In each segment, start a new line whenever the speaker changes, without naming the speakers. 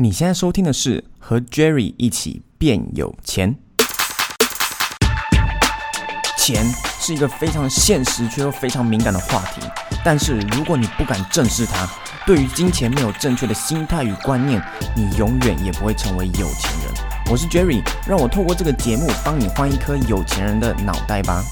你現在收聽的是和 Jerry 一起變有錢。錢是一個非常現實卻又非常敏感的話題，但是如果你不敢正視它，對於金錢沒有正確的心態與觀念，你永遠也不會成為有錢人。我是 Jerry，讓我透過這個節目幫你換一顆有錢人的腦袋吧。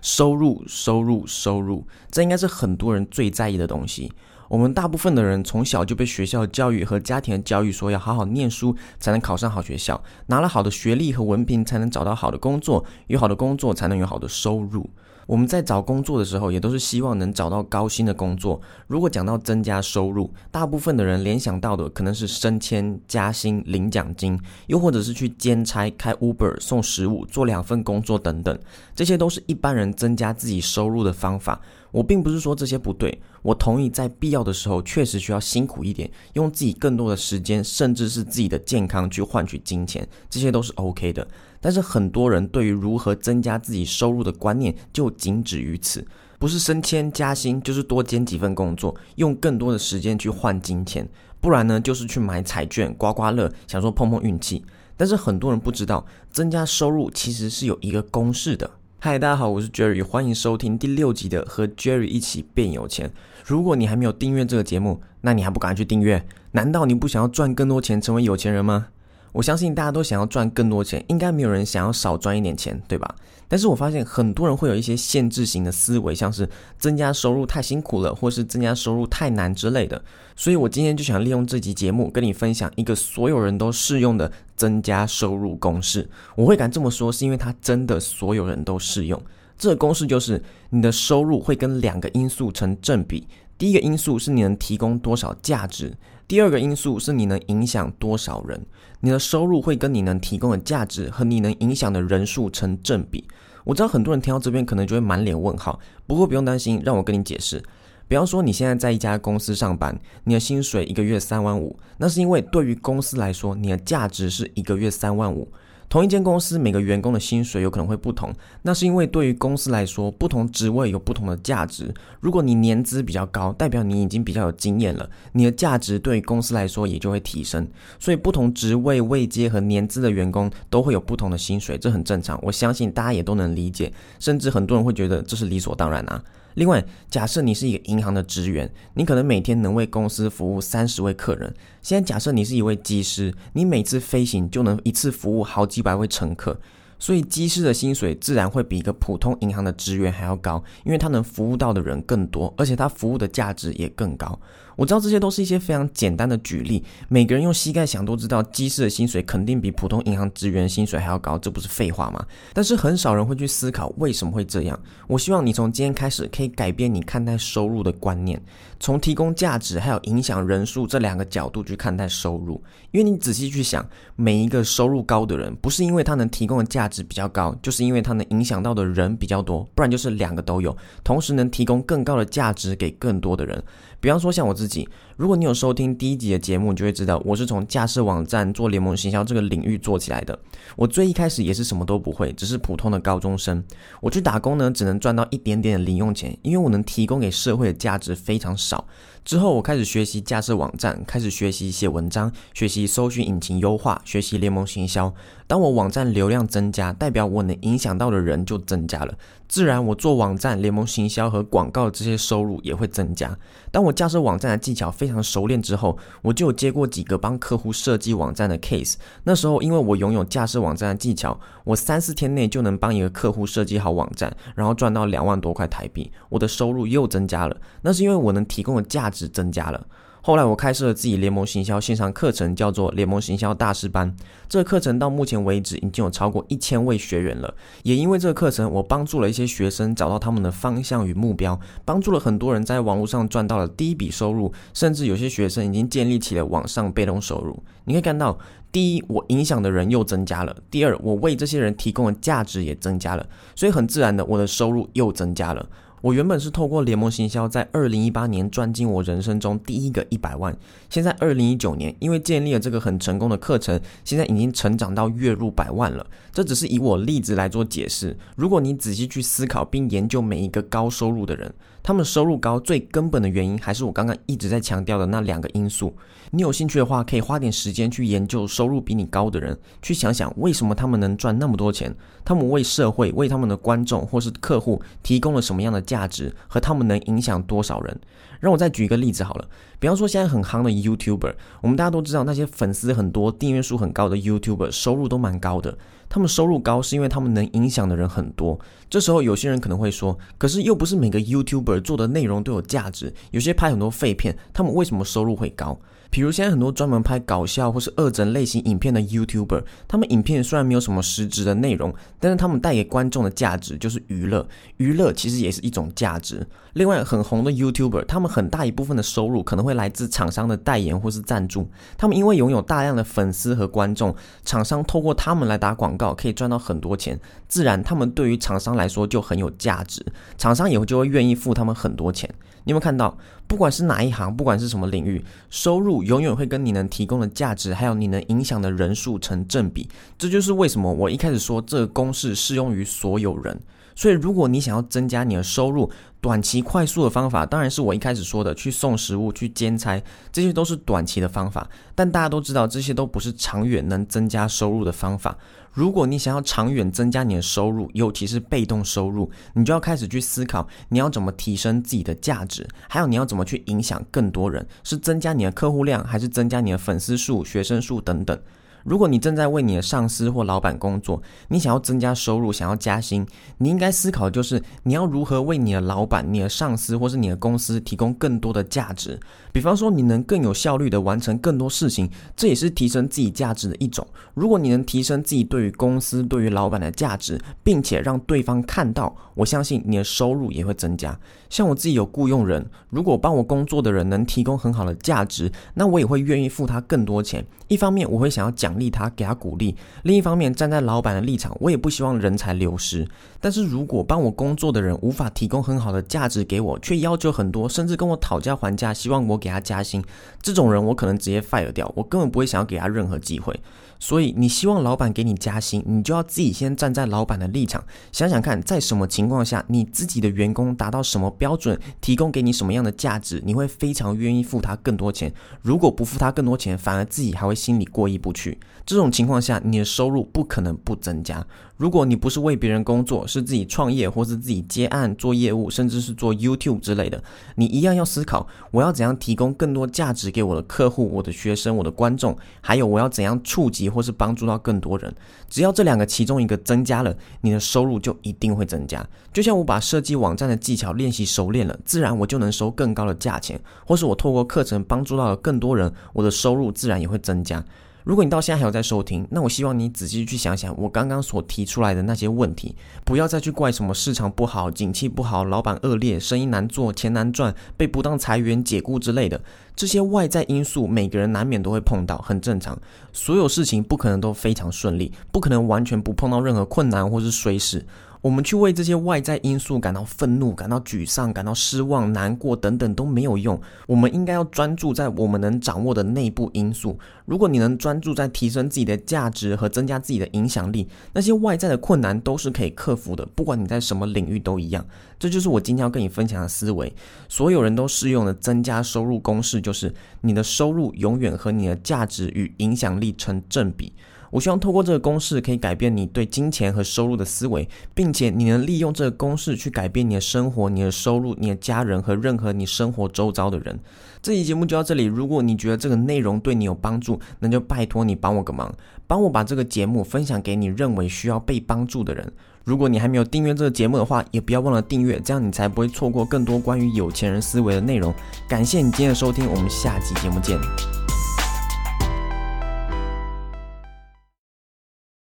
收入，收入，收入，這應該是很多人最在意的東西。我們大部分的人從小就被學校的教育和家庭的教育說要好好念書，才能考上好學校，拿了好的學歷和文憑才能找到好的工作，有好的工作才能有好的收入。我們在找工作的時候也都是希望能找到高薪的工作。如果講到增加收入，大部分的人聯想到的可能是升遷、加薪、領獎金，又或者是去兼差、開 Uber、送食物、做兩份工作等等，這些都是一般人增加自己收入的方法。我並不是說這些不對，我同意在必要的時候確實需要辛苦一點，用自己更多的時間，甚至是自己的健康去換取金錢，這些都是 OK 的。但是很多人對於如何增加自己收入的觀念就僅止於此，不是升遷加薪，就是多兼幾份工作，用更多的時間去換金錢，不然呢就是去買彩券、刮刮樂，想說碰碰運氣。但是很多人不知道，增加收入其實是有一個公式的。嗨，Hi, 大家好，我是 Jerry，歡迎收聽第六集的《和 Jerry 一起變有錢》。如果你還沒有訂閱這個節目，那你還不趕快去訂閱？難道你不想要賺更多錢，成為有錢人嗎？我相信大家都想要賺更多錢，應該沒有人想要少賺一點錢，對吧？但是我發現很多人會有一些限制型的思維，像是增加收入太辛苦了，或是增加收入太難之類的。所以我今天就想利用這集節目跟你分享一個所有人都適用的增加收入公式。我會敢這麼說，是因為它真的所有人都適用。這個公式就是你的收入會跟兩個因素成正比，第一個因素是你能提供多少價值。第二個因素是你能影響多少人，你的收入會跟你能提供的價值和你能影響的人數成正比。我知道很多人聽到這邊可能就會滿臉問號，不過不用擔心，讓我跟你解釋。比方說你現在在一家公司上班，你的薪水一個月三萬五，那是因為對於公司來說，你的價值是一個月三萬五。同一間公司，每個員工的薪水有可能會不同，那是因為對於公司來說，不同職位有不同的價值。如果你年資比較高，代表你已經比較有經驗了，你的價值對於公司來說也就會提升。所以，不同職位、位階和年資的員工都會有不同的薪水，這很正常。我相信大家也都能理解，甚至很多人會覺得這是理所當然啊。另外，假設你是一個銀行的職員，你可能每天能為公司服務三十位客人。現在，假設你是一位機師，你每次飛行就能一次服務好幾百位乘客。所以，機師的薪水自然會比一個普通銀行的職員還要高，因為他能服務到的人更多，而且他服務的價值也更高。我知道這些都是一些非常簡單的舉例，每個人用膝蓋想都知道，機師的薪水肯定比普通銀行職員薪水還要高，這不是廢話嗎？但是很少人會去思考為什麼會這樣。我希望你從今天開始可以改變你看待收入的觀念，從提供價值還有影響人數這兩個角度去看待收入。因為你仔細去想，每一個收入高的人，不是因為他能提供的價值，值比較高，就是因為它能影響到的人比較多，不然就是兩個都有，同時能提供更高的價值給更多的人。比方說像我自己，如果你有收聽第一集的節目，你就會知道我是從架設網站做聯盟行銷這個領域做起來的。我最一開始也是什麼都不會，只是普通的高中生。我去打工呢，只能賺到一點點的零用錢，因為我能提供給社會的價值非常少。之後，我開始學習架設網站，開始學習寫文章，學習搜尋引擎優化，學習聯盟行銷。當我網站流量增加，代表我能影響到的人就增加了，自然我做網站、聯盟行銷和廣告這些收入也會增加。當我架設網站的技巧非常熟練之後，我就有接過幾個幫客戶設計網站的 case。那時候，因為我擁有架設網站的技巧，我三四天內就能幫一個客戶設計好網站，然後賺到兩萬多塊台幣，我的收入又增加了。那是因為我能提供的價。值增加了。後來我開設了自己聯盟行銷線上課程，叫做聯盟行銷大師班。這個課程到目前為止已經有超過一千位學員了。也因為這個課程，我幫助了一些學生找到他們的方向與目標，幫助了很多人在網絡上賺到了第一筆收入，甚至有些學生已經建立起了網上被動收入。你可以看到，第一，我影響的人又增加了；第二，我為這些人提供的價值也增加了。所以很自然的，我的收入又增加了。我原本是透過聯盟行銷，在二零一八年賺進我人生中第一個一百萬。現在二零一九年，因為建立了這個很成功的課程，現在已經成長到月入百萬了。這只是以我例子來做解釋，如果你仔細去思考並研究每一個高收入的人，他們收入高最根本的原因，還是我剛剛一直在強調的那兩個因素。你有興趣的話，可以花點時間去研究收入比你高的人，去想想為什麼他們能賺那麼多錢，他們為社會、為他們的觀眾或是客戶提供了什麼樣的價值，和他們能影響多少人。讓我再舉一個例子好了，比方說現在很夯的 YouTuber，我們大家都知道那些粉絲很多、訂閱數很高的 YouTuber，收入都蠻高的。他們收入高是因為他們能影響的人很多。這時候有些人可能會說：“可是又不是每個 YouTuber 做的內容都有價值，有些拍很多廢片，他們為什麼收入會高？”比如現在很多專門拍搞笑或是惡整類型影片的 YouTuber，他們影片雖然沒有什麼實質的內容，但是他們帶給觀眾的價值就是娛樂，娛樂其實也是一種價值。另外很紅的 YouTuber，他們很大一部分的收入可能會來自廠商的代言或是贊助。他們因為擁有大量的粉絲和觀眾，廠商透過他們來打廣告可以賺到很多錢，自然他們對於廠商來說就很有價值，廠商以後就會願意付他們很多錢。你有沒有看到，不管是哪一行，不管是什麼領域，收入永遠會跟你能提供的價值，還有你能影響的人數成正比。這就是為什麼我一開始說這個公式適用於所有人。所以，如果你想要增加你的收入，短期快速的方法當然是我一開始說的，去送食物、去兼差，這些都是短期的方法。但大家都知道，這些都不是長遠能增加收入的方法。如果你想要長遠增加你的收入，尤其是被動收入，你就要開始去思考，你要怎麼提升自己的價值，還有你要怎麼去影響更多人，是增加你的客戶量，還是增加你的粉絲數、學生數等等。如果你正在為你的上司或老闆工作，你想要增加收入，想要加薪，你應該思考的就是你要如何為你的老闆、你的上司或是你的公司提供更多的價值。比方說，你能更有效率地完成更多事情，這也是提升自己價值的一種。如果你能提升自己對於公司、對於老闆的價值，並且讓對方看到，我相信你的收入也會增加。像我自己有僱傭人，如果幫我工作的人能提供很好的價值，那我也會願意付他更多錢。一方面，我會想要講。獎勵他，給他鼓勵。另一方面，站在老板的立場，我也不希望人才流失。但是如果幫我工作的人無法提供很好的價值給我，卻要求很多，甚至跟我討價還價，希望我給他加薪，這種人我可能直接 fire 掉。我根本不會想要給他任何機會。所以，你希望老板給你加薪，你就要自己先站在老板的立場，想想看，在什麼情況下，你自己的員工達到什麼標準，提供給你什麼樣的價值，你會非常願意付他更多錢。如果不付他更多錢，反而自己還會心裡過意不去。這種情況下，你的收入不可能不增加。如果你不是為別人工作，是自己創業，或是自己接案做業務，甚至是做 YouTube 之類的，你一樣要思考：我要怎樣提供更多價值給我的客戶、我的學生、我的觀眾，還有我要怎樣觸及或是幫助到更多人。只要這兩個其中一個增加了，你的收入就一定會增加。就像我把設計網站的技巧練習熟練了，自然我就能收更高的價錢；或是我透過課程幫助到了更多人，我的收入自然也會增加。如果你到現在還有在收聽，那我希望你仔細去想想我剛剛所提出來的那些問題，不要再去怪什麼市場不好、景氣不好、老板惡劣、生意難做、錢難賺、被不當裁員解雇之類的這些外在因素，每個人難免都會碰到，很正常。所有事情不可能都非常順利，不可能完全不碰到任何困難或是衰事。我們去為這些外在因素感到憤怒、感到沮喪、感到失望、難過等等都沒有用。我們應該要專注在我們能掌握的內部因素。如果你能專注在提升自己的價值和增加自己的影響力，那些外在的困難都是可以克服的，不管你在什麼領域都一樣。這就是我今天要跟你分享的思維。所有人都適用的增加收入公式就是，你的收入永遠和你的價值與影響力成正比。我希望透過這個公式，可以改變你對金錢和收入的思維，並且你能利用這個公式去改變你的生活、你的收入、你的家人和任何你生活周遭的人。這期節目就到這裡。如果你覺得這個內容對你有幫助，那就拜託你幫我個忙，幫我把這個節目分享給你認為需要被幫助的人。如果你還沒有訂閱這個節目的話，也不要忘了訂閱，這樣你才不會錯過更多關於有錢人思維的內容。感謝你今天的收聽，我們下期節目見。